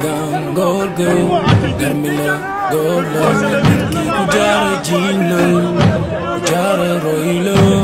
Sénégal góor góor garmi la ku jaara jiin la ku jaara roy